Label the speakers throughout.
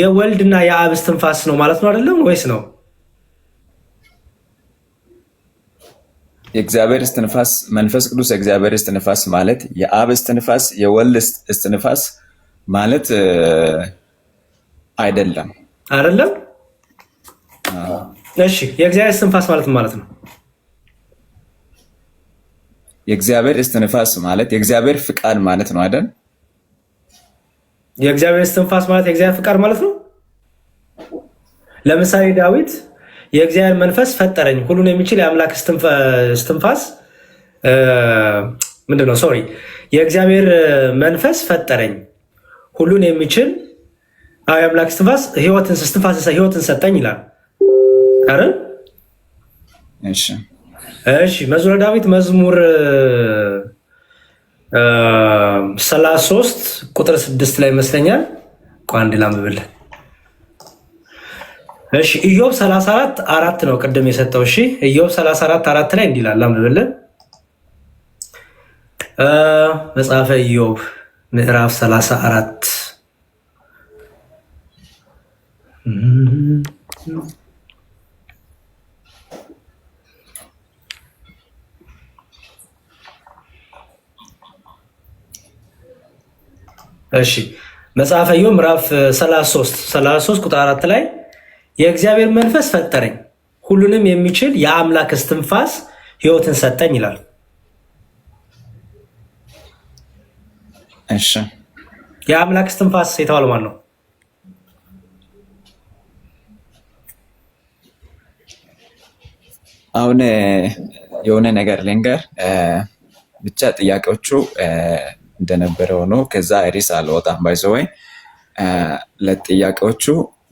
Speaker 1: የወልድና የአብ እስትንፋስ ነው ማለት ነው አይደለም ወይስ ነው?
Speaker 2: የእግዚአብሔር እስትንፋስ መንፈስ ቅዱስ የእግዚአብሔር እስትንፋስ ማለት የአብ እስትንፋስ የወልድ እስትንፋስ ማለት አይደለም።
Speaker 1: አይደለም። እሺ የእግዚአብሔር እስትንፋስ ማለት ማለት ነው።
Speaker 2: የእግዚአብሔር እስትንፋስ ማለት የእግዚአብሔር ፍቃድ ማለት ነው አይደል?
Speaker 1: የእግዚአብሔር እስትንፋስ ማለት የእግዚአብሔር ፍቃድ ማለት ነው። ለምሳሌ ዳዊት የእግዚአብሔር መንፈስ ፈጠረኝ፣ ሁሉን የሚችል የአምላክ እስትንፋስ ምንድን ነው? ሶሪ የእግዚአብሔር መንፈስ ፈጠረኝ፣ ሁሉን የሚችል የአምላክ እስትንፋስ ህይወትን ሰጠኝ ይላል። አረ እሺ፣ መዝሙረ ዳዊት መዝሙር ሰላሳ ሶስት ቁጥር ስድስት ላይ ይመስለኛል። አንድ ላምብልህ። እሺ ኢዮብ 34 አራት ነው ቅድም የሰጠው። እሺ ኢዮብ 34 አራት ላይ እንዲላል ይላል ላምብልህ። መጽሐፈ ኢዮብ ምዕራፍ 34 እሺ መጽሐፈ ኢዮብ ምዕራፍ 33 33 ቁጥር 4 ላይ የእግዚአብሔር መንፈስ ፈጠረኝ፣ ሁሉንም የሚችል የአምላክ እስትንፋስ ህይወትን ሰጠኝ ይላል። እሺ የአምላክ እስትንፋስ የተባለው ማን ነው?
Speaker 2: አሁን የሆነ ነገር ልንገር ብቻ ጥያቄዎቹ እንደነበረ ሆኖ ከዛ ርዕስ አልወጣም ወይ ለጥያቄዎቹ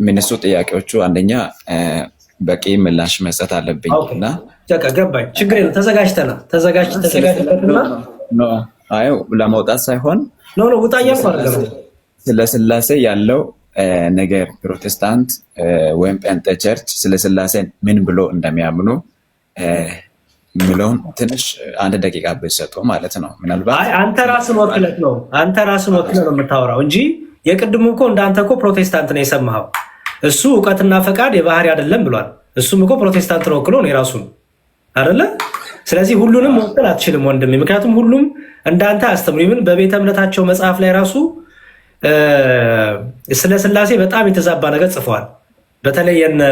Speaker 2: ምንሱ ጥያቄዎቹ አንደኛ በቂ ምላሽ መስጠት አለብኝ እና
Speaker 1: ገባኝ። ችግር የለም ተዘጋጅተናል። ተዘጋጅተናል
Speaker 2: ለመውጣት ሳይሆን ውጣ ስለ ስላሴ ያለው ነገር ፕሮቴስታንት ወይም ጴንጤ ቸርች ስለ ስላሴ ምን ብሎ እንደሚያምኑ የሚለውን ትንሽ አንድ ደቂቃ ብሰጡ ማለት ነው።
Speaker 1: ምናልባት አንተ ራስን ወክለት ነው አንተ ራስን ወክለት ነው የምታወራው እንጂ የቅድሙ እኮ እንዳንተ እኮ ፕሮቴስታንት ነው የሰማኸው። እሱ እውቀትና ፈቃድ የባህሪ አይደለም ብሏል። እሱም እኮ ነው ወክሎ ነው የራሱን አደለ። ስለዚህ ሁሉንም ወክል አትችልም ወንድሜ፣ ምክንያቱም ሁሉም እንዳንተ አያስተምሩ። ምን በቤተ እምነታቸው መጽሐፍ ላይ ራሱ ስለ ስላሴ በጣም የተዛባ ነገር ጽፏል። በተለይ የነ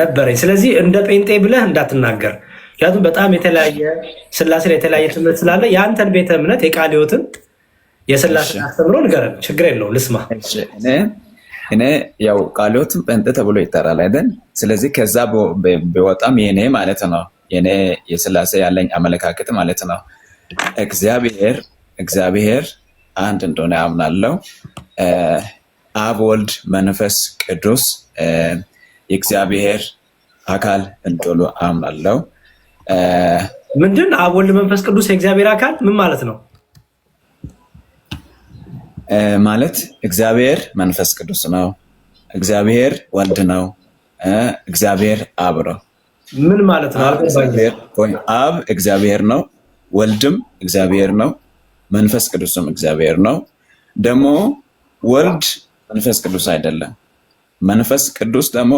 Speaker 1: ነበረኝ። ስለዚህ እንደ ጴንጤ ብለህ እንዳትናገር ምክንያቱም በጣም የተለያየ ስላሴ የተለያየ ትምህርት ስላለ የአንተን ቤተ እምነት የቃለ ሕይወትን የስላሴ አስተምሮ ንገረን። ችግር የለው ልስማ።
Speaker 2: እኔ ያው ቃለ ሕይወትን ጴንጤ ተብሎ ይጠራል አይደል? ስለዚህ ከዛ ቢወጣም የኔ ማለት ነው የኔ የስላሴ ያለኝ አመለካከት ማለት ነው እግዚአብሔር እግዚአብሔር አንድ እንደሆነ አምናለሁ። አብ፣ ወልድ፣ መንፈስ ቅዱስ የእግዚአብሔር አካል እንደሆኑ አምናለሁ።
Speaker 1: ምንድን አብ ወልድ መንፈስ ቅዱስ የእግዚአብሔር አካል ምን ማለት ነው?
Speaker 2: ማለት እግዚአብሔር መንፈስ ቅዱስ ነው፣ እግዚአብሔር ወልድ ነው፣ እግዚአብሔር አብ ነው። ምን ማለት ነው? አብ እግዚአብሔር ነው፣ ወልድም እግዚአብሔር ነው፣ መንፈስ ቅዱስም እግዚአብሔር ነው። ደግሞ ወልድ መንፈስ ቅዱስ አይደለም፣ መንፈስ ቅዱስ ደግሞ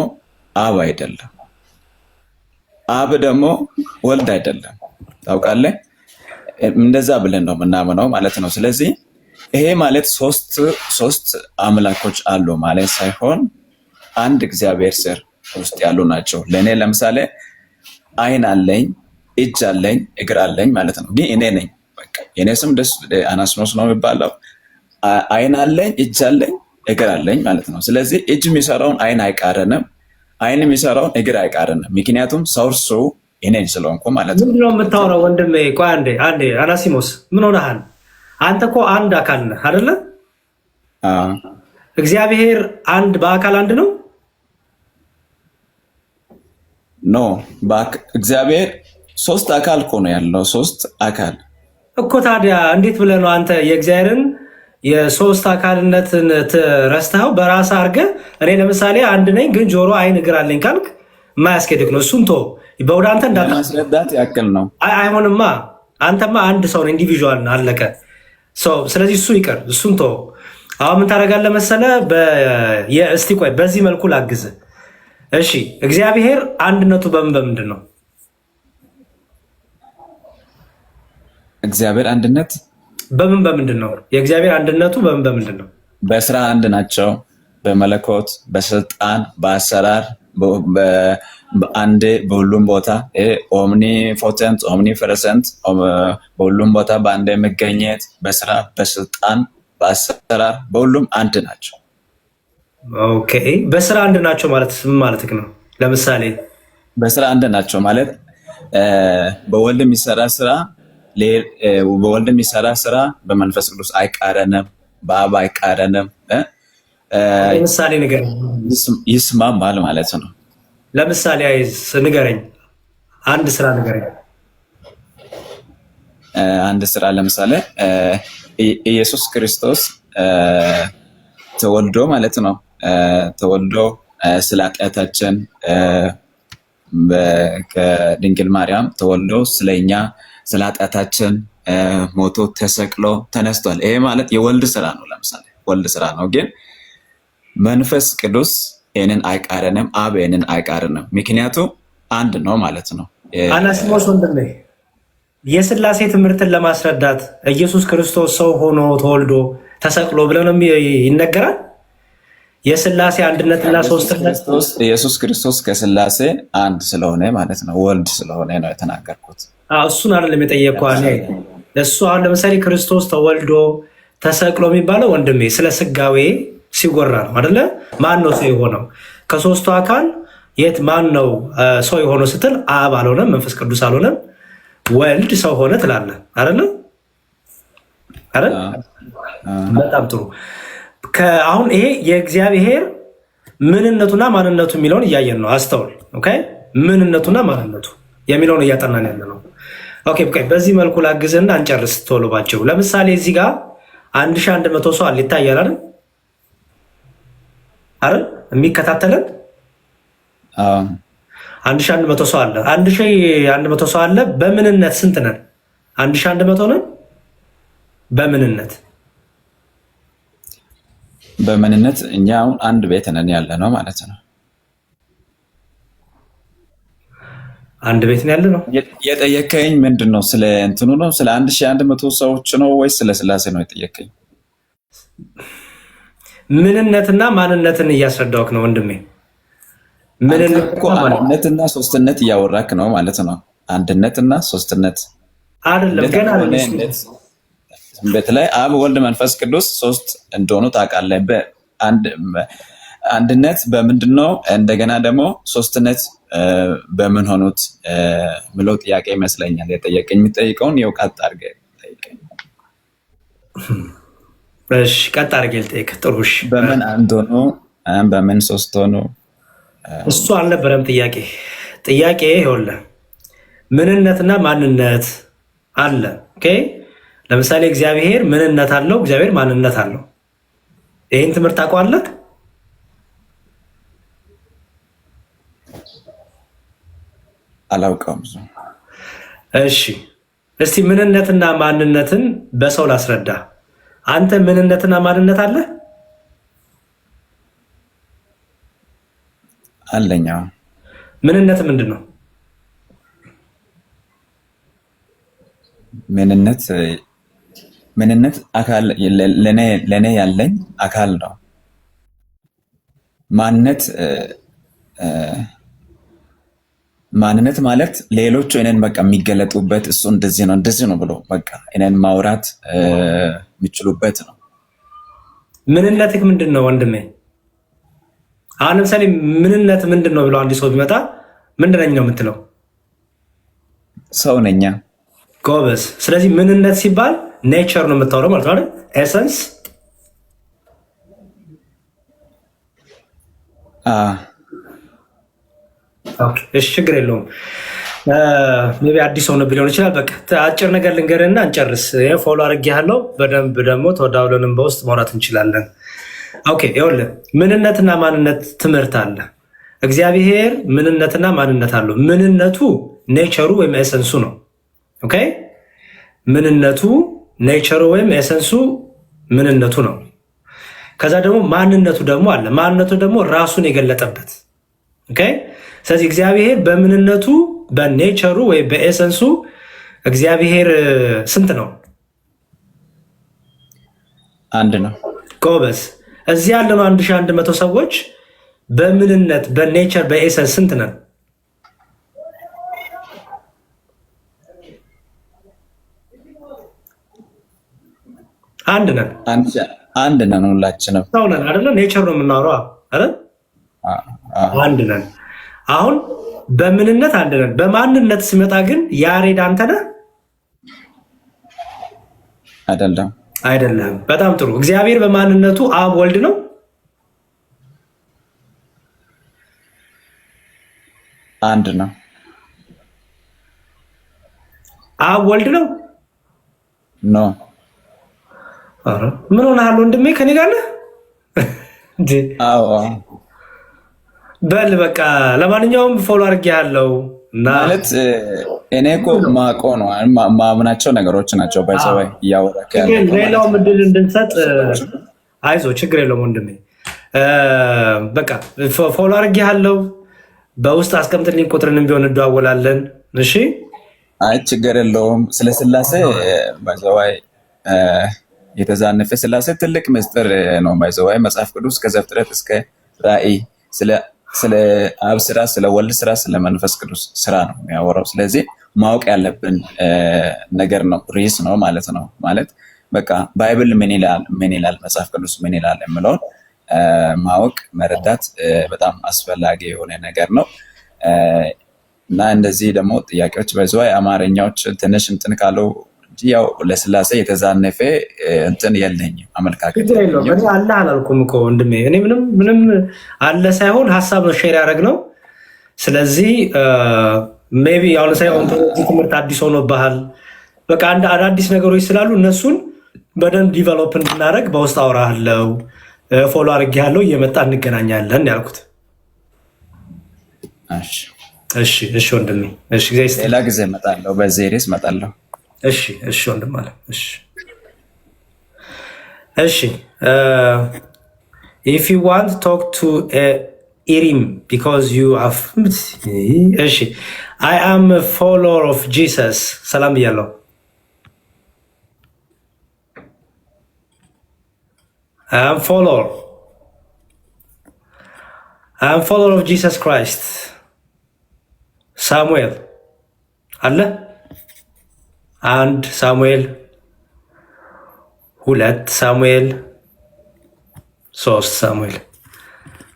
Speaker 2: አብ አይደለም። አብ ደግሞ ወልድ አይደለም። ታውቃለህ? እንደዛ ብለን ነው የምናምነው ማለት ነው። ስለዚህ ይሄ ማለት ሶስት ሶስት አምላኮች አሉ ማለት ሳይሆን አንድ እግዚአብሔር ስር ውስጥ ያሉ ናቸው። ለእኔ ለምሳሌ አይን አለኝ፣ እጅ አለኝ፣ እግር አለኝ ማለት ነው። ግን እኔ ነኝ። የእኔ ስም ደስ አናስኖስ ነው የሚባለው። አይን አለኝ፣ እጅ አለኝ፣ እግር አለኝ ማለት ነው። ስለዚህ እጅ የሚሰራውን አይን አይቃረንም አይን የሚሰራውን እግር አይቃርን። ምክንያቱም ሰውርሱ እኔን ስለሆንኩ ማለት ነው።
Speaker 1: ምንድነው የምታወራው ወንድሜ? ቆይ አንዴ አንዴ፣ አናሲሞስ ምን ሆነሃል አንተ? እኮ አንድ አካል ነህ አይደለ? እግዚአብሔር አንድ በአካል አንድ ነው።
Speaker 2: ኖ እግዚአብሔር ሶስት አካል እኮ ነው ያለው። ሶስት አካል
Speaker 1: እኮ ታዲያ እንዴት ብለህ ነው አንተ የእግዚአብሔርን የሶስት አካልነትን ረስተኸው በራስ አርገ እኔ ለምሳሌ አንድ ነኝ ግን ጆሮ አይን እግር አለኝ ካልክ የማያስኬድክ ነው። እሱን ቶ በወደ አንተ እንዳስረዳት ያክል ነው። አይሆንማ አንተማ አንድ ሰው ነው፣ ኢንዲቪዥዋል አለቀ። ስለዚህ እሱ ይቀር፣ እሱን ቶ አሁን ምን ታደርጋለህ መሰለህ? እስቲ ቆይ በዚህ መልኩ ላግዝ። እሺ እግዚአብሔር አንድነቱ በምን በምንድን ነው?
Speaker 2: እግዚአብሔር አንድነት
Speaker 1: በምን በምንድን ነው የእግዚአብሔር አንድነቱ በምን በምንድን ነው?
Speaker 2: በስራ አንድ ናቸው። በመለኮት በስልጣን በአሰራር በአንድ በሁሉም ቦታ ኦምኒ ፖተንት ኦምኒ ፐርሰንት በሁሉም ቦታ በአንድ መገኘት በስራ በስልጣን በአሰራር በሁሉም አንድ ናቸው።
Speaker 1: ኦኬ በስራ አንድ ናቸው ማለት ምን ማለት ነው? ለምሳሌ
Speaker 2: በስራ አንድ ናቸው ማለት በወልድ የሚሰራ ስራ በወልድ የሚሰራ ስራ በመንፈስ ቅዱስ አይቃረንም፣ በአብ አይቃረንም፣ ምሳሌ ይስማማል ማለት ነው።
Speaker 1: ለምሳሌ ንገረኝ፣ አንድ ስራ ንገረኝ።
Speaker 2: አንድ ስራ ለምሳሌ ኢየሱስ ክርስቶስ ተወልዶ ማለት ነው ተወልዶ ስለ ኃጢአታችን ከድንግል ማርያም ተወልዶ ስለኛ ስለ ኃጢአታችን ሞቶ ተሰቅሎ ተነስቷል። ይሄ ማለት የወልድ ስራ ነው። ለምሳሌ ወልድ ስራ ነው፣ ግን መንፈስ ቅዱስ ይህንን አይቃረንም፣ አብ ይህንን አይቃርንም። ምክንያቱ አንድ ነው ማለት ነው።
Speaker 1: አናሲሞስ ወንድሜ የስላሴ ትምህርትን ለማስረዳት ኢየሱስ ክርስቶስ ሰው ሆኖ ተወልዶ ተሰቅሎ ብለው ይነገራል። የስላሴ አንድነትና ሶስትነት
Speaker 2: ኢየሱስ ክርስቶስ ከስላሴ አንድ ስለሆነ ማለት ነው፣ ወልድ ስለሆነ ነው የተናገርኩት።
Speaker 1: እሱን አይደለም የጠየቅኩህ። እሱ አሁን ለምሳሌ ክርስቶስ ተወልዶ ተሰቅሎ የሚባለው ወንድሜ ስለ ስጋዌ ሲጎራ ነው አደለ? ማን ነው ሰው የሆነው? ከሶስቱ አካል የት ማን ነው ሰው የሆነው ስትል አብ አልሆነም፣ መንፈስ ቅዱስ አልሆነም፣ ወልድ ሰው ሆነ ትላለህ አደለ? በጣም ጥሩ አሁን ይሄ የእግዚአብሔር ምንነቱና ማንነቱ የሚለውን እያየን ነው። አስተውል። ምንነቱና ማንነቱ የሚለውን እያጠናን ያለ ነው። ኦኬ በዚህ መልኩ ላግዝና አንጨርስ ቶሎ ባቸው። ለምሳሌ እዚህ ጋር አንድ ሺህ አንድ መቶ ሰው አለ ይታያል አይደል? አይደል? የሚከታተለን አንድ ሺህ አንድ መቶ ሰው አለ። አንድ ሺህ አንድ መቶ ሰው አለ። በምንነት ስንት ነን? አንድ ሺህ አንድ መቶ ነን በምንነት
Speaker 2: በምንነት እኛ አሁን አንድ ቤት ነን ያለ ነው ማለት ነው።
Speaker 1: አንድ ቤት ነው ያለ ነው።
Speaker 2: የጠየከኝ ምንድን ነው? ስለ እንትኑ ነው? ስለ አንድ ሺህ አንድ መቶ ሰዎች ነው ወይስ ስለ ስላሴ ነው የጠየቀኝ?
Speaker 1: ምንነትና ማንነትን እያስረዳውክ ነው ወንድሜ።
Speaker 2: አንድነትና ሶስትነት እያወራክ ነው ማለት ነው። አንድነትና ሶስትነት አይደለም ገና ላይ አብ ወልድ መንፈስ ቅዱስ ሶስት እንደሆኑ ታውቃለህ። አንድነት በምንድን ነው? እንደገና ደግሞ ሶስትነት በምን ሆኑት ምለው ጥያቄ ይመስለኛል የጠየቀኝ። የሚጠይቀውን የው ቀጥ አድርገህ ጠይቀኝ።
Speaker 1: እሺ ቀጥ አድርገህ ልጠይቅ። ጥሩ
Speaker 2: በምን አንድ ሆኖ በምን ሶስት ሆኖ?
Speaker 1: እሱ አልነበረም ጥያቄ። ጥያቄ ይኸውልህ ምንነትና ማንነት አለ ለምሳሌ እግዚአብሔር ምንነት አለው፣ እግዚአብሔር ማንነት አለው። ይህን ትምህርት ታውቀዋለህ? አላውቀውም። እሺ፣ እስቲ ምንነትና ማንነትን በሰው ላስረዳ። አንተ ምንነትና ማንነት አለ አለኛ። ምንነት ምንድን ነው?
Speaker 2: ምንነት ምንነት ለእኔ ያለኝ አካል ነው። ማንነት ማንነት ማለት ሌሎቹ እኔን በቃ የሚገለጡበት እሱ እንደዚህ ነው እንደዚህ ነው ብሎ በቃ እኔን ማውራት የሚችሉበት ነው።
Speaker 1: ምንነትህ ምንድን ነው ወንድሜ? አሁን ለምሳሌ ምንነት ምንድን ነው ብሎ አንድ ሰው ቢመጣ ምንድነኝ ነው የምትለው? ሰው ነኛ። ጎበዝ። ስለዚህ ምንነት ሲባል ኔቸር ነው የምታወራው ማለት ነው አይደል? ኤሰንስ እሺ፣ ችግር የለውም። ቢ አዲስ ሆነ ሊሆን ይችላል። በቃ አጭር ነገር ልንገርና እንጨርስ። ፎሎ አድርጌያለሁ። በደንብ ደግሞ ተወዳውለንም በውስጥ ማውራት እንችላለን። ኦኬ፣ ይኸውልህ ምንነትና ማንነት ትምህርት አለ። እግዚአብሔር ምንነትና ማንነት አለው። ምንነቱ ኔቸሩ ወይም ኤሰንሱ ነው። ኦኬ ምንነቱ ኔቸሩ ወይም ኤሰንሱ ምንነቱ ነው። ከዛ ደግሞ ማንነቱ ደግሞ አለ። ማንነቱ ደግሞ ራሱን የገለጠበት ስለዚህ እግዚአብሔር በምንነቱ በኔቸሩ ወይም በኤሰንሱ እግዚአብሔር ስንት ነው? አንድ ነው። ጎበዝ። እዚህ ያለነው አንድ ሺህ አንድ መቶ ሰዎች በምንነት በኔቸር በኤሰንስ ስንት ነን? አንድ ነን
Speaker 2: አንድ ነን ሁላችንም
Speaker 1: ሰው ነን አይደለ? ኔቸር ነው የምናወራው አይደል? አንድ ነን። አሁን በምንነት አንድ ነን። በማንነት ሲመጣ ግን ያሬድ አንተ ነህ አይደለም? አይደለም። በጣም ጥሩ። እግዚአብሔር በማንነቱ አብ ወልድ ነው አንድ ነው። አብ ወልድ ነው ኖ ምን ሆነሃል ወንድሜ? ከኔ ጋር ነህ? በል በቃ ለማንኛውም ፎሎ አድርጌሃለሁ።
Speaker 2: ማለት እኔ እኮ ማቆ ነው ማምናቸው ነገሮች ናቸው። ባይሰባይ
Speaker 1: እያወራክ ሌላው ምድል እንድንሰጥ አይዞ ችግር የለውም ወንድሜ። በቃ ፎሎ አድርጌሃለሁ። በውስጥ አስቀምጥልኝ ቁጥርንም ቢሆን እንደዋወላለን። እሺ፣
Speaker 2: አይ ችግር የለውም። ስለ ስላሴ ባይሰባይ የተዛነፈ ስላሴ ትልቅ ምስጢር ነው። ማይዘዋይ መጽሐፍ ቅዱስ ከዘፍጥረት እስከ ራእይ ስለ አብ ስራ፣ ስለ ወልድ ስራ፣ ስለ መንፈስ ቅዱስ ስራ ነው የሚያወራው። ስለዚህ ማወቅ ያለብን ነገር ነው፣ ሪስ ነው ማለት ነው። ማለት በቃ ባይብል ምን ይላል፣ ምን ይላል መጽሐፍ ቅዱስ ምን ይላል የምለውን ማወቅ መረዳት በጣም አስፈላጊ የሆነ ነገር ነው እና እንደዚህ ደግሞ ጥያቄዎች በዚዋ አማርኛዎች ትንሽ እንትን ካለው እንጂ ያው ለስላሴ የተዛነፈ እንትን የለኝም አመለካከት።
Speaker 1: እኔ አለ አላልኩም እኮ ወንድሜ፣ እኔ ምንም ምንም አለ ሳይሆን ሀሳብ ነው ሼር ያደረግ ነው። ስለዚህ ሜይ ቢ አሁን ሳይ ኦንቶሎጂ ትምህርት አዲስ ሆኖብሃል። በቃ አንድ አዳዲስ ነገሮች ስላሉ እነሱን በደንብ ዲቨሎፕ እንድናደረግ በውስጥ አውራለው ፎሎ አድርጌያለሁ። እየመጣ እንገናኛለን ያልኩት። እሺ እሺ እሺ ወንድሜ፣ ሌላ
Speaker 2: ጊዜ እመጣለሁ፣ በዚህ ሬስ እመጣለሁ።
Speaker 1: እሺ እሺ ወንድም አለ እሺ እሺ ኢፍ ዩ ዋንት ቶክ ቱ ኢሪም ቢካዝ ዩ እሺ አይ አም ፎሎወር ኦፍ ጂሰስ ሰላም እያለው አይ አም ፎሎወር አይ አም ፎሎወር ኦፍ ጂሰስ ክራይስት ሳሙኤል አለ አንድ ሳሙኤል ሁለት ሳሙኤል ሶስት ሳሙኤል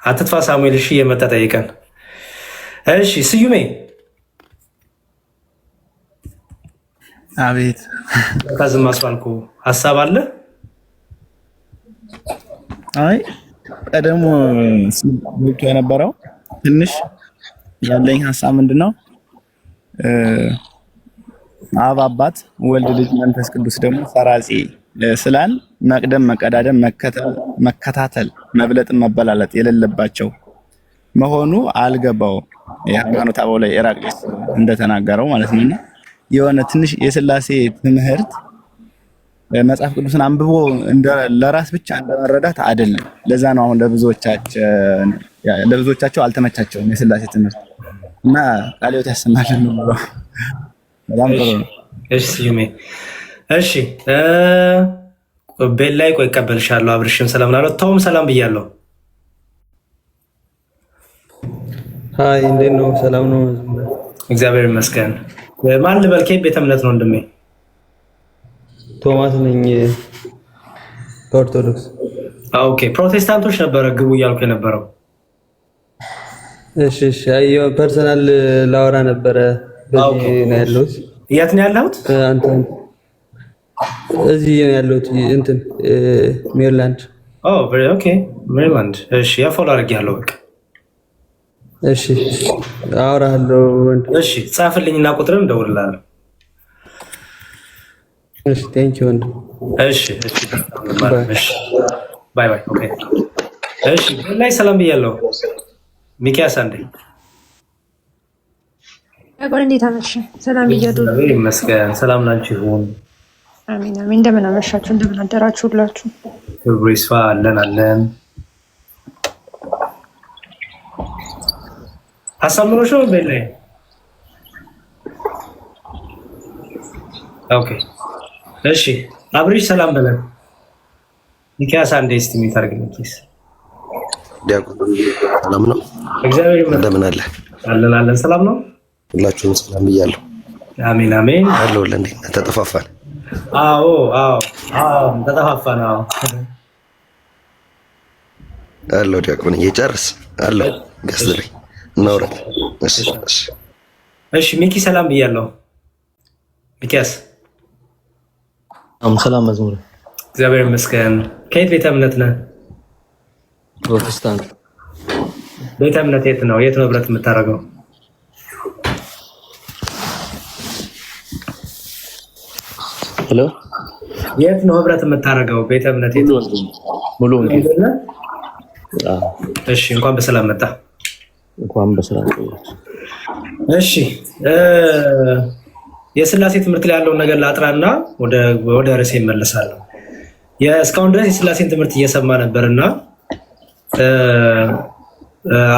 Speaker 1: አትጥፋ ሳሙኤል። እሺ የመጣ ጠይቀን። እሺ ስዩሜ አቤት። ዝም አስባልኩ ሀሳብ አለ።
Speaker 3: አይ ቀደሙ ብቻ የነበረው ትንሽ ያለኝ ሀሳብ ምንድን ነው? አብ አባት፣ ወልድ ልጅ፣ መንፈስ ቅዱስ ደግሞ ሰራጺ ስላል መቅደም፣ መቀዳደም፣ መከታተል፣ መብለጥ መበላለጥ የሌለባቸው መሆኑ አልገባው የሃይማኖት አበው ላይ ኢራቅሊስ እንደተናገረው ማለት ነው። የሆነ ትንሽ የስላሴ ትምህርት መጽሐፍ ቅዱስን አንብቦ ለራስ ብቻ እንደመረዳት አይደለም። ለዛ ነው አሁን ለብዙዎቻቸው አልተመቻቸውም የስላሴ ትምህርት እና ቃልዮት ያሰማልን ነው
Speaker 1: በጣም ጥሩ ነው። እሺ እሺ ቤል ላይ ቆይ እቀበልሻለሁ። አብርሽም ሰላም ላለ ተውም ሰላም ብያለሁ።
Speaker 4: ሀይ እንዴት ነው? ሰላም ነው።
Speaker 1: እግዚአብሔር ይመስገን። ማን ልበል? ከየት ቤተ እምነት ነው ወንድሜ?
Speaker 4: ቶማስ ነኝ ከኦርቶዶክስ።
Speaker 1: ኦኬ ፕሮቴስታንቶች ነበረ ግቡ እያልኩ የነበረው።
Speaker 4: እሺ እሺ። ፐርሰናል ላወራ ነበረ የት ነው ያለሁት? እዚህ ነው ያለሁት እንትን ሜሪላንድ።
Speaker 1: ኦኬ ሜሪላንድ። እሺ አድርጌያለሁ። በቃ
Speaker 4: እሺ አወራለሁ።
Speaker 1: እሺ ቁጥርን እደውልልሃለሁ።
Speaker 4: እሺ ቴንክ ዩ ወንድም።
Speaker 1: እሺ እሺ ባይ ባይ። ኦኬ እሺ ላይ ሰላም ብያለሁ። ሚኪያስ አንዴ
Speaker 5: ቆይ እንዴት አመሽ? ሰላም ብያለሁ።
Speaker 2: ይመስገን። ሰላም ላንቺ ይሁን።
Speaker 5: አሜን አሜን። እንደምን አመሻችሁ፣ እንደምን አደራችሁ ሁላችሁ።
Speaker 2: ክብሩ ይስፋ። አለን አለን።
Speaker 1: አሳምሮሽ ነው ቤት ኦኬ። እሺ አብሪሽ ሰላም በለን። ሚኪያስ አንዴ እስቲ ሚት አድርግ ሚኪያስ። ሰላም ነው? እግዚአብሔር ይመስገን። አለን አለን። ሰላም ነው
Speaker 2: ሁላችሁም ሰላም ብያለሁ። አሜን አሜን። አለሁልህ። እንዴት ነህ? ተጠፋፋን።
Speaker 1: አዎ አዎ አዎ ተጠፋፋን። አዎ
Speaker 2: አለሁ። ዲያቆን እየጨርስ አለሁ። ገስት ላይ እናውራለን።
Speaker 1: እሺ እሺ እሺ። ሚኪ ሰላም ብያለሁ። ሚኪያስ ሰላም መዝሙር እግዚአብሔር ይመስገን። ከየት ቤተ እምነት ነህ? ፕሮቴስታንት ቤተ እምነት የት ነው? የት ነው ብረት የምታደርገው? ሄሎ፣ የት ነው ህብረት የምታደርገው? ቤተ እምነት የት? ሙሉ እሺ፣ እንኳን በሰላም መጣ።
Speaker 6: እንኳን በሰላም
Speaker 1: እሺ። የስላሴ ትምህርት ላይ ያለውን ነገር ላጥራና ወደ ርዕሴ እመለሳለሁ። እስካሁን ድረስ የስላሴን ትምህርት እየሰማ ነበር እና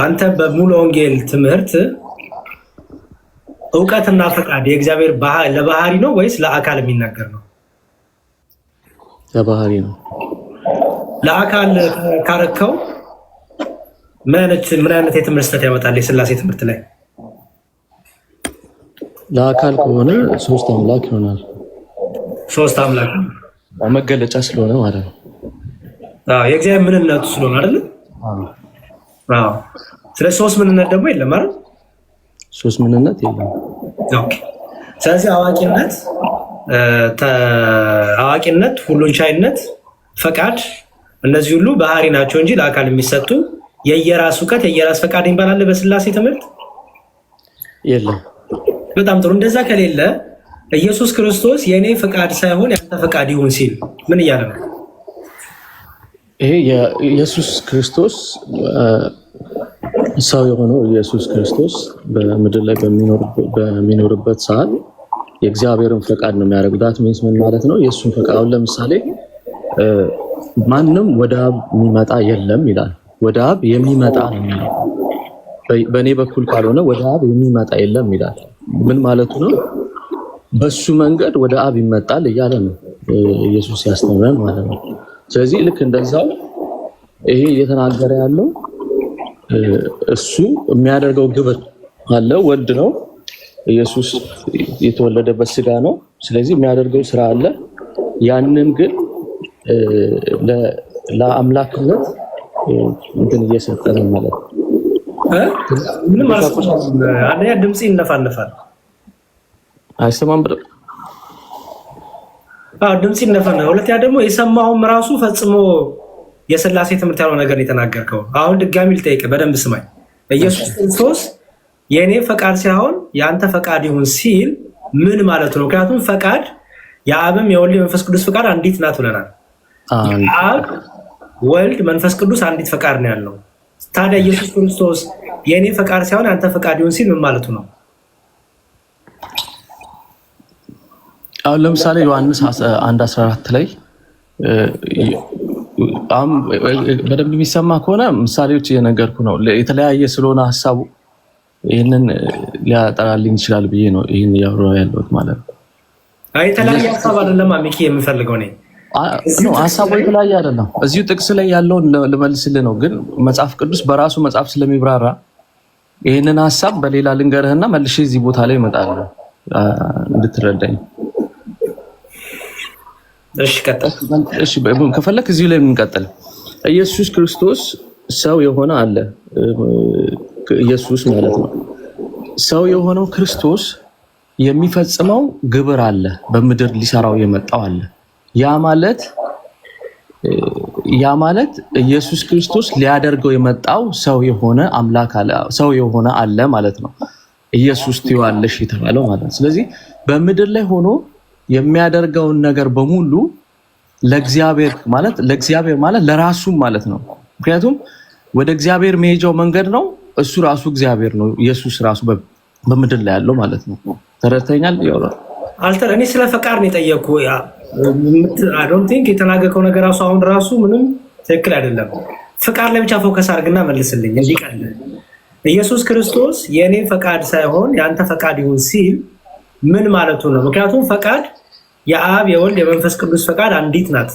Speaker 1: አንተ በሙሉ ወንጌል ትምህርት እውቀትና ፈቃድ የእግዚአብሔር ለባህሪ ነው ወይስ ለአካል የሚናገር ነው? ለባህሪ ነው። ለአካል ካረከው ምን አይነት የትምህርት ስህተት ያመጣል? የስላሴ ትምህርት ላይ
Speaker 6: ለአካል ከሆነ ሶስት አምላክ ይሆናል። ሶስት አምላክ መገለጫ ስለሆነ ማለት ነው።
Speaker 1: የእግዚአብሔር ምንነቱ ስለሆነ አይደል? ስለ ሶስት ምንነት ደግሞ የለም አይደል? ሶስት ምንነት የለም። ስለዚህ አዋቂነት አዋቂነት፣ ሁሉን ቻይነት፣ ፈቃድ እነዚህ ሁሉ ባህሪ ናቸው እንጂ ለአካል የሚሰጡ የየራስ እውቀት የየራስ ፈቃድ ይባላል በስላሴ ትምህርት የለም። በጣም ጥሩ። እንደዛ ከሌለ ኢየሱስ ክርስቶስ የእኔ ፈቃድ ሳይሆን ያንተ ፈቃድ ይሁን ሲል ምን እያለ ነው?
Speaker 6: ይሄ የኢየሱስ ክርስቶስ ሰው የሆነው ኢየሱስ ክርስቶስ በምድር ላይ በሚኖርበት ሰዓት የእግዚአብሔርን ፈቃድ ነው የሚያደርጉት። ዳት ሚንስ ምን ማለት ነው? የእሱን ፈቃድ። አሁን ለምሳሌ ማንም ወደ አብ የሚመጣ የለም ይላል። ወደ አብ የሚመጣ ነው። በእኔ በኩል ካልሆነ ወደ አብ የሚመጣ የለም ይላል። ምን ማለቱ ነው? በሱ መንገድ ወደ አብ ይመጣል እያለ ነው ኢየሱስ ያስተምረን ማለት ነው። ስለዚህ ልክ እንደዛው ይሄ እየተናገረ ያለው እሱ የሚያደርገው ግብር አለ ወልድ ነው ኢየሱስ የተወለደበት ስጋ ነው። ስለዚህ የሚያደርገው ስራ አለ። ያንን ግን ለአምላክነት እንትን እየሰጠ ማለት
Speaker 1: አንደኛ ድምፅ ይነፋነፋል፣ አይሰማም ብለው ድምፅ ይነፋነፋል። ሁለተኛ ደግሞ የሰማሁም ራሱ ፈጽሞ የስላሴ ትምህርት ያለው ነገር የተናገርከው አሁን ድጋሚ ልጠይቅ፣ በደንብ ስማኝ። ኢየሱስ ክርስቶስ የእኔ ፈቃድ ሳይሆን የአንተ ፈቃድ ይሁን ሲል ምን ማለት ነው? ምክንያቱም ፈቃድ የአብም የወልድ የመንፈስ ቅዱስ ፈቃድ አንዲት ናት ብለናል። አብ ወልድ መንፈስ ቅዱስ አንዲት ፈቃድ ነው ያለው። ታዲያ ኢየሱስ ክርስቶስ የእኔ ፈቃድ ሳይሆን የአንተ ፈቃድ ይሁን ሲል ምን ማለቱ ነው?
Speaker 6: አሁን ለምሳሌ ዮሐንስ አንድ 14 ላይ በደንብ የሚሰማ ከሆነ ምሳሌዎች እየነገርኩ ነው። የተለያየ ስለሆነ ሀሳቡ ይህንን ሊያጠራልኝ ይችላል ብዬ ነው ይህን እያወራሁ ያለሁት ማለት ነው።
Speaker 1: የተለያየ ሀሳብ አይደለም ሚኪ የምፈልገው ነኝ
Speaker 6: ሀሳቡ የተለያየ አይደለም። እዚሁ ጥቅስ ላይ ያለውን ልመልስልህ ነው፣ ግን መጽሐፍ ቅዱስ በራሱ መጽሐፍ ስለሚብራራ ይህንን ሀሳብ በሌላ ልንገርህና መልሼ እዚህ ቦታ ላይ እመጣለሁ እንድትረዳኝ። ከፈለክ እዚሁ ላይ የምንቀጥል ኢየሱስ ክርስቶስ ሰው የሆነ አለ ኢየሱስ ማለት ነው። ሰው የሆነው ክርስቶስ የሚፈጽመው ግብር አለ፣ በምድር ሊሰራው የመጣው አለ። ያ ማለት ያ ማለት ኢየሱስ ክርስቶስ ሊያደርገው የመጣው ሰው የሆነ አምላክ አለ፣ ሰው የሆነ አለ ማለት ነው። ኢየሱስ ትይዋለሽ የተባለው ማለት ነው። ስለዚህ በምድር ላይ ሆኖ የሚያደርገውን ነገር በሙሉ ለእግዚአብሔር ማለት ለእግዚአብሔር ማለት ለራሱም ማለት ነው። ምክንያቱም ወደ እግዚአብሔር መሄጃው መንገድ ነው እሱ ራሱ እግዚአብሔር ነው። ኢየሱስ ራሱ በምድር ላይ ያለው ማለት ነው። ተረድተኛል? ይወራል
Speaker 1: አልተር እኔ ስለ ፈቃድ ነው የጠየኩ። አዶን ነገር ራሱ አሁን ራሱ ምንም ትክክል አይደለም። ፈቃድ ላይ ብቻ ፎከስ አድርግና መልስልኝ። እንዲቀል ኢየሱስ ክርስቶስ የእኔ ፈቃድ ሳይሆን የአንተ ፈቃድ ይሁን ሲል ምን ማለቱ ነው? ምክንያቱም ፈቃድ የአብ የወልድ የመንፈስ ቅዱስ ፈቃድ አንዲት ናት።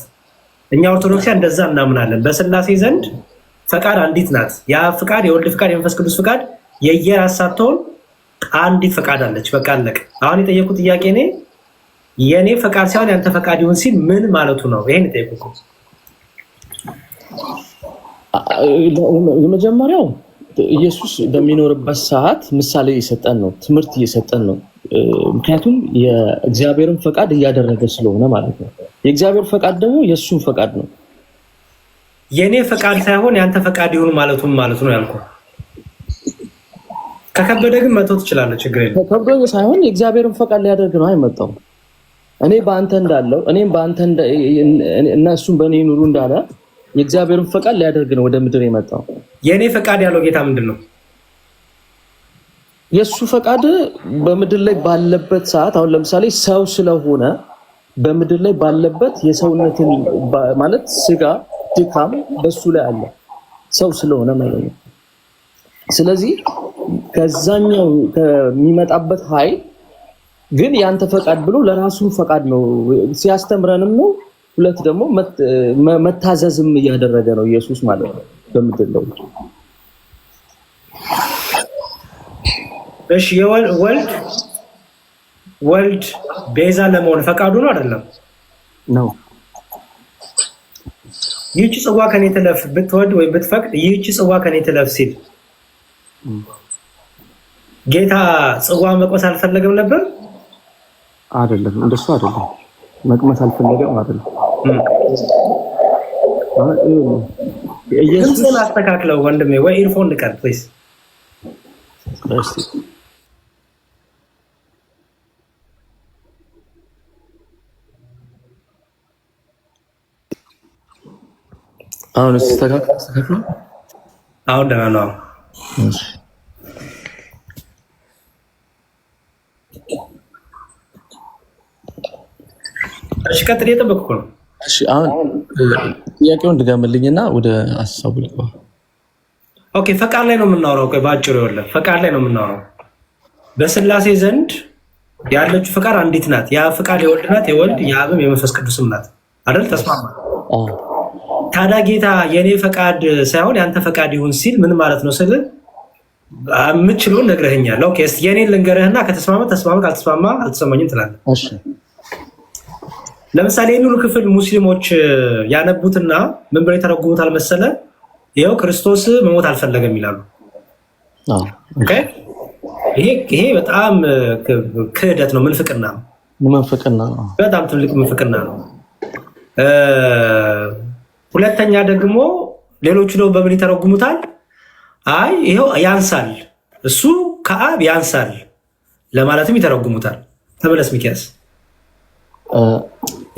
Speaker 1: እኛ ኦርቶዶክሲያ እንደዛ እናምናለን። በስላሴ ዘንድ ፈቃድ አንዲት ናት። ያ ፍቃድ የወልድ ፍቃድ፣ የመንፈስ ቅዱስ ፍቃድ የየራስ ሳትሆን አንዲት ፈቃድ አለች። በቃ አለቅ። አሁን የጠየቁት ጥያቄ እኔ የእኔ ፈቃድ ሳይሆን ያንተ ፈቃድ ይሁን ሲል ምን ማለቱ ነው? ይሄን የጠየቁት
Speaker 6: የመጀመሪያው ኢየሱስ በሚኖርበት ሰዓት ምሳሌ እየሰጠን ነው፣ ትምህርት እየሰጠን ነው። ምክንያቱም የእግዚአብሔርን ፈቃድ እያደረገ ስለሆነ ማለት ነው። የእግዚአብሔር ፈቃድ ደግሞ የእሱን ፈቃድ ነው።
Speaker 1: የእኔ ፈቃድ ሳይሆን ያንተ ፈቃድ ይሁን ማለቱም ማለት ነው ያልኩ። ከከበደ ግን መተው ትችላለህ፣ ችግር የለም።
Speaker 6: ከከበደ ሳይሆን የእግዚአብሔርን ፈቃድ ሊያደርግ ነው አይመጣው እኔ በአንተ እንዳለው እኔም በአንተ እና እሱም በእኔ ኑሩ እንዳለ የእግዚአብሔርን ፈቃድ ሊያደርግ ነው ወደ ምድር የመጣው።
Speaker 1: የእኔ ፈቃድ ያለው ጌታ ምንድን ነው?
Speaker 6: የእሱ ፈቃድ በምድር ላይ ባለበት ሰዓት አሁን ለምሳሌ ሰው ስለሆነ በምድር ላይ ባለበት የሰውነትን ማለት ስጋ ድካም በሱ ላይ አለ፣ ሰው ስለሆነ ማለት ነው። ስለዚህ ከዛኛው ከሚመጣበት ኃይል ግን ያንተ ፈቃድ ብሎ ለራሱ ፈቃድ ነው ሲያስተምረንም ነው። ሁለት ደግሞ መታዘዝም እያደረገ ነው ኢየሱስ ማለት ነው በምድር
Speaker 1: እሺ ወልድ ወልድ ቤዛ ለመሆን ፈቃዱ ነው አይደለም ነው ይህቺ ጽዋ ከኔ ትለፍ ብትወድ ወይም ብትፈቅድ ይህቺ ጽዋ ከኔ ትለፍ ሲል ጌታ ጽዋ መቆስ አልፈለገም ነበር?
Speaker 6: አይደለም፣ እንደሱ አይደለም። መቅመስ አልፈለገም አይደለም።
Speaker 1: ድምፅህን አስተካክለው ወንድሜ፣ ወይ ኢርፎን ልቀር ፕሊዝ።
Speaker 6: አሁን ተስተካክሏል።
Speaker 1: አሁን ደህና ነው። እሺ ቀጥል፣ እየጠበቅኩ ነው።
Speaker 6: እሺ አሁን ጥያቄውን ድጋምልኝና ወደ አሳቡ ልግባ።
Speaker 1: ኦኬ ፈቃድ ላይ ነው የምናወራው። ቆይ በአጭሩ የለ ፈቃድ ላይ ነው የምናወራው። በስላሴ ዘንድ ያለችው ፈቃድ አንዲት ናት። ያ ፈቃድ የወልድ ናት፣ የወልድ የአብም የመንፈስ ቅዱስም ናት አይደል? ተስማማ ታዲያ ጌታ የእኔ ፈቃድ ሳይሆን ያንተ ፈቃድ ይሁን ሲል ምን ማለት ነው ስል የምችለውን ነግረህኛል። የእኔን ልንገርህና ከተስማማ ተስማማ፣ ካልተስማማ አልተሰማኝም ትላለህ። ለምሳሌ የኑሩ ክፍል ሙስሊሞች ያነቡትና ምን ብለው የተረጉሙታል መሰለ? ይኸው ክርስቶስ መሞት አልፈለገም ይላሉ። ይሄ በጣም ክህደት ነው፣ ምንፍቅና ነው። በጣም ትልቅ ምንፍቅና ነው። ሁለተኛ ደግሞ ሌሎቹ ደግሞ በምን ይተረጉሙታል? አይ ይኸው ያንሳል፣ እሱ ከአብ ያንሳል ለማለትም ይተረጉሙታል። ተመለስ ሚኪያስ።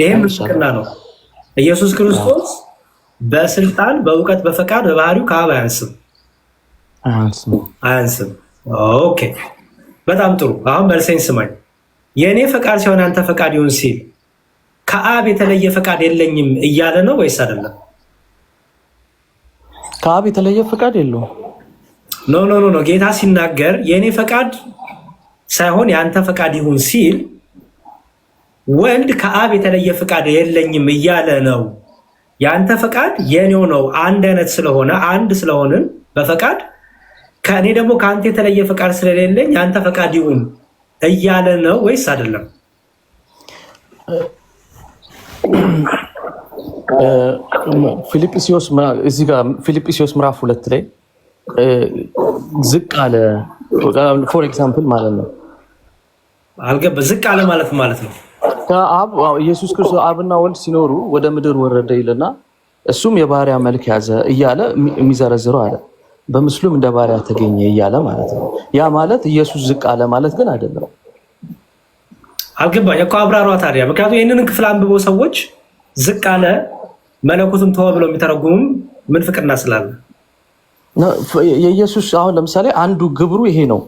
Speaker 1: ይህም ምስክና ነው። ኢየሱስ ክርስቶስ በስልጣን በእውቀት በፈቃድ በባህሪው ከአብ አያንስም አያንስም። ኦኬ በጣም ጥሩ። አሁን መልሰኝ ስማኝ። የእኔ ፈቃድ ሲሆን አንተ ፈቃድ ይሁን ሲል ከአብ የተለየ ፈቃድ የለኝም እያለ ነው ወይስ አይደለም?
Speaker 6: ከአብ የተለየ ፈቃድ የለውም።
Speaker 1: ኖ ኖ ኖ ጌታ ሲናገር የእኔ ፈቃድ ሳይሆን የአንተ ፈቃድ ይሁን ሲል ወልድ ከአብ የተለየ ፈቃድ የለኝም እያለ ነው። የአንተ ፈቃድ የኔው ነው፣ አንድ አይነት ስለሆነ አንድ ስለሆንን በፈቃድ ከእኔ ደግሞ ከአንተ የተለየ ፈቃድ ስለሌለኝ የአንተ ፈቃድ ይሁን እያለ ነው ወይስ አይደለም?
Speaker 6: ፊልጵስዮስ ምዕራፍ ሁለት ላይ ዝቅ አለ ፎር ኤግዛምፕል ማለት ነው።
Speaker 1: አልገባ ዝቅ አለ ማለት ማለት ነው።
Speaker 6: ከአብ ኢየሱስ ክርስቶስ አብና ወልድ ሲኖሩ ወደ ምድር ወረደ ይልና እሱም የባሪያ መልክ ያዘ እያለ የሚዘረዝረው አለ በምስሉም እንደ ባሪያ ተገኘ እያለ ማለት ነው። ያ ማለት ኢየሱስ ዝቅ አለ ማለት ግን አይደለም።
Speaker 1: አልገባ እኮ አብራሯ ታዲያ። ምክንያቱም ይህንን ክፍል አንብበው ሰዎች ዝቅ አለ መለኮቱን ተወ ብለው የሚተረጉሙም ምን ፍቅርና ስላለ
Speaker 6: የኢየሱስ አሁን ለምሳሌ አንዱ ግብሩ ይሄ ነው።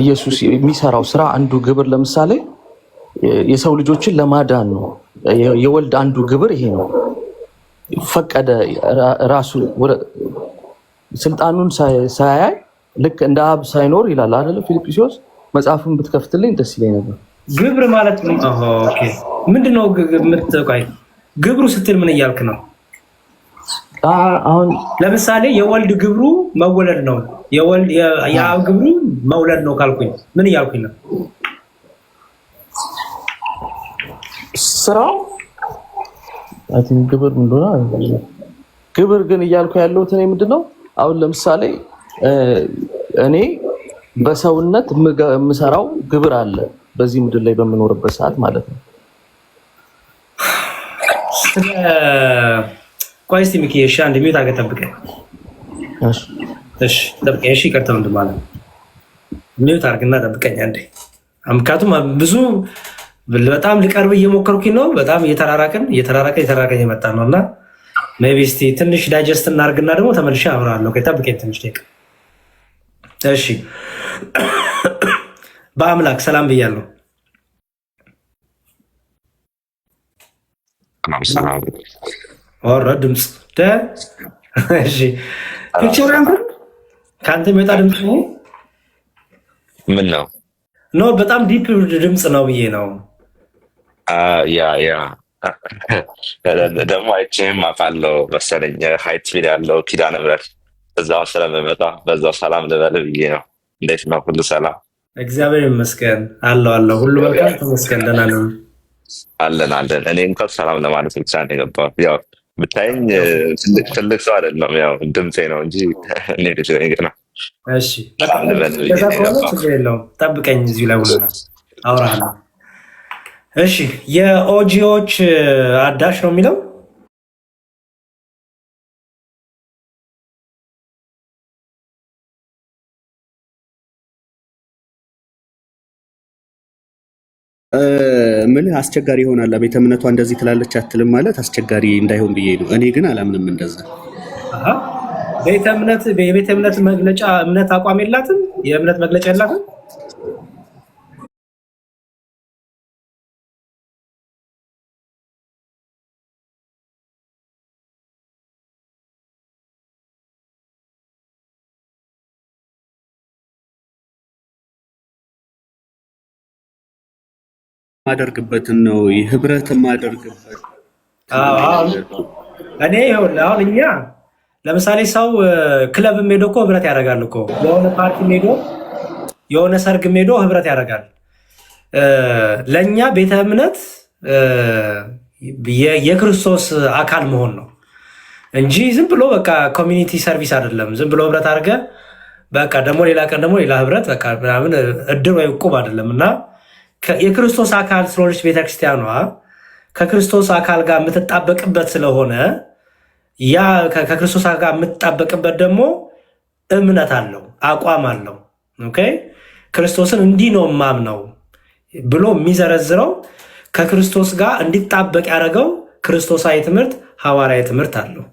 Speaker 6: ኢየሱስ የሚሰራው ስራ አንዱ ግብር ለምሳሌ የሰው ልጆችን ለማዳን ነው። የወልድ አንዱ ግብር ይሄ ነው። ፈቀደ ራሱ ስልጣኑን ሳያይ ልክ እንደ አብ ሳይኖር ይላል አይደለ? ፊልጵስዩስ መጽሐፍን ብትከፍትልኝ ደስ ይለኝ ነበር።
Speaker 1: ግብር ማለት ምንድነው? ግብሩ ስትል ምን እያልክ ነው? አሁን ለምሳሌ የወልድ ግብሩ መወለድ ነው፣ የአብ ግብሩ መውለድ ነው ካልኩኝ ምን እያልኩኝ ነው?
Speaker 6: ስራው ግብር እንደሆነ ግብር ግን እያልኩ ያለሁት እኔ ምንድን ነው አሁን ለምሳሌ እኔ በሰውነት የምሰራው ግብር አለ በዚህ ምድር ላይ በምኖርበት ሰዓት ማለት ነው
Speaker 1: ቆይ እስኪ ሚኪ፣ እሺ አንድ ሚዩት አገ ጠብቀኝ። እሺ ጠብቀኝ። እሺ ይቅርታ ወንድም አለ ሚዩት አድርግና ጠብቀኝ አንዴ። ምክንያቱም ብዙ በጣም ልቀርብ እየሞከርኩኝ ነው። በጣም እየተራራቅን እየተራራቀ እየተራራቅን እየመጣ ነው እና ሜቢ እስኪ ትንሽ ዳይጀስት እናድርግና ደግሞ ተመልሼ አብራለሁ። ጠብቀኝ ትንሽ ደቂቃ። እሺ በአምላክ ሰላም ብያለሁ። አወራ ድምፅ ፒክቸር አንተ ከአንተ የሚወጣ ድምፅ ምን ነው ኖ በጣም ዲፕ ድምፅ ነው ብዬ ነው።
Speaker 2: ያ ያ ደግሞ አይቼም አውቃለሁ መሰለኝ ሀይት ፊል ያለው ኪዳነ ምሕረት እዛው ስለምመጣ በዛው ሰላም ልበል ብዬ ነው። እንዴት ነው? ሁሉ ሰላም?
Speaker 1: እግዚአብሔር ይመስገን አለው አለው። ሁሉ በቃ ተመስገን፣ ደህና ነው።
Speaker 2: አለን አለን። እኔ እንኳን ሰላም ለማለት ብቻ ነው የገባሁት። ያው ብታይኝ ትልቅ ትልቅ ሰው አይደለም፣ ያው ድምፄ ነው እንጂ እኔ ልጅ ነኝ ገና።
Speaker 1: ጠብቀኝ እዚሁ ላይ ሁሉ አውራለሁ። እሺ የኦጂዎች አዳሽ ነው የሚለው ምን አስቸጋሪ ይሆናል። ቤተ እምነቷ እንደዚህ ትላለች አትልም ማለት አስቸጋሪ እንዳይሆን ብዬ ነው። እኔ ግን አላምንም እንደዛ። ቤተ እምነት የቤተ እምነት መግለጫ እምነት አቋም የላትም የእምነት መግለጫ የላትም
Speaker 2: የማደርግበትን ነው ህብረት የማደርግበት።
Speaker 1: እኔ አሁን እኛ ለምሳሌ ሰው ክለብ ሄዶ እኮ ህብረት ያደርጋል እኮ የሆነ ፓርቲ ሄዶ የሆነ ሰርግ ሄዶ ህብረት ያደርጋል። ለእኛ ቤተ እምነት የክርስቶስ አካል መሆን ነው እንጂ ዝም ብሎ በቃ ኮሚኒቲ ሰርቪስ አይደለም። ዝም ብሎ ህብረት አድርገህ በቃ ደግሞ ሌላ ቀን ደግሞ ሌላ ህብረት በቃ ምናምን እድር ወይ እቁብ አይደለም እና የክርስቶስ አካል ስለሆነች ቤተክርስቲያኗ ከክርስቶስ አካል ጋር የምትጣበቅበት ስለሆነ ያ ከክርስቶስ ጋር የምትጣበቅበት ደግሞ እምነት አለው፣ አቋም አለው። ኦኬ ክርስቶስን እንዲህ ነው ብሎ የሚዘረዝረው ከክርስቶስ ጋር እንዲጣበቅ ያደረገው ክርስቶሳዊ ትምህርት፣ ሐዋርያዊ ትምህርት አለው።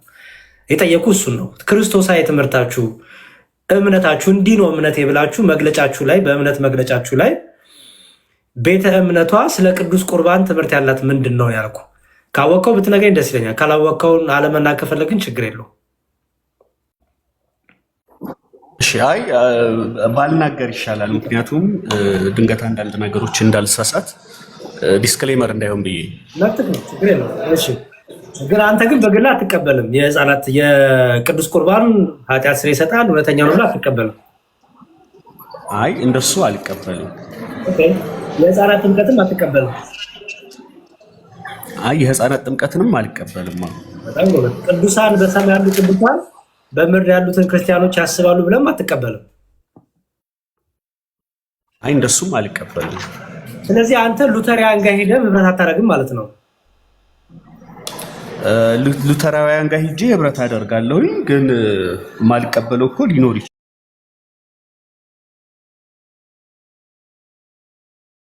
Speaker 1: የጠየቁ እሱን ነው። ክርስቶሳዊ ትምህርታችሁ እምነታችሁ እንዲህ ነው እምነቴ ብላችሁ መግለጫችሁ ላይ በእምነት መግለጫችሁ ላይ ቤተ እምነቷ ስለ ቅዱስ ቁርባን ትምህርት ያላት ምንድን ነው ያልኩ። ካወቀው ብትነገኝ ደስ ይለኛል። ካላወቀውን አለመና ከፈለግን ችግር የለው። አይ ባልናገር ይሻላል። ምክንያቱም ድንገት አንዳንድ ነገሮች እንዳልሳሳት ዲስክሌመር እንዳይሆን ብዬ ግን አንተ ግን በግላ አትቀበልም። የህፃናት የቅዱስ ቁርባን ኃጢአት ስር ይሰጣል እውነተኛ ነው ብላ አትቀበልም።
Speaker 2: አይ እንደሱ አልቀበልም።
Speaker 1: የህፃናት ጥምቀትም አትቀበልም?
Speaker 2: አይ የህፃናት ጥምቀትንም አልቀበልም።
Speaker 1: ቅዱሳን በሰማይ ያሉ ቅዱሳን በምድር ያሉትን ክርስቲያኖች ያስባሉ ብለም አትቀበልም?
Speaker 2: አይ እንደሱም አልቀበልም።
Speaker 1: ስለዚህ አንተ ሉተሪያን ጋር ሄደህ ህብረት አታደርግም ማለት ነው።
Speaker 2: ሉተራውያን ጋር ሄጄ ህብረት አደርጋለሁኝ፣ ግን ማልቀበለው እኮ ሊኖር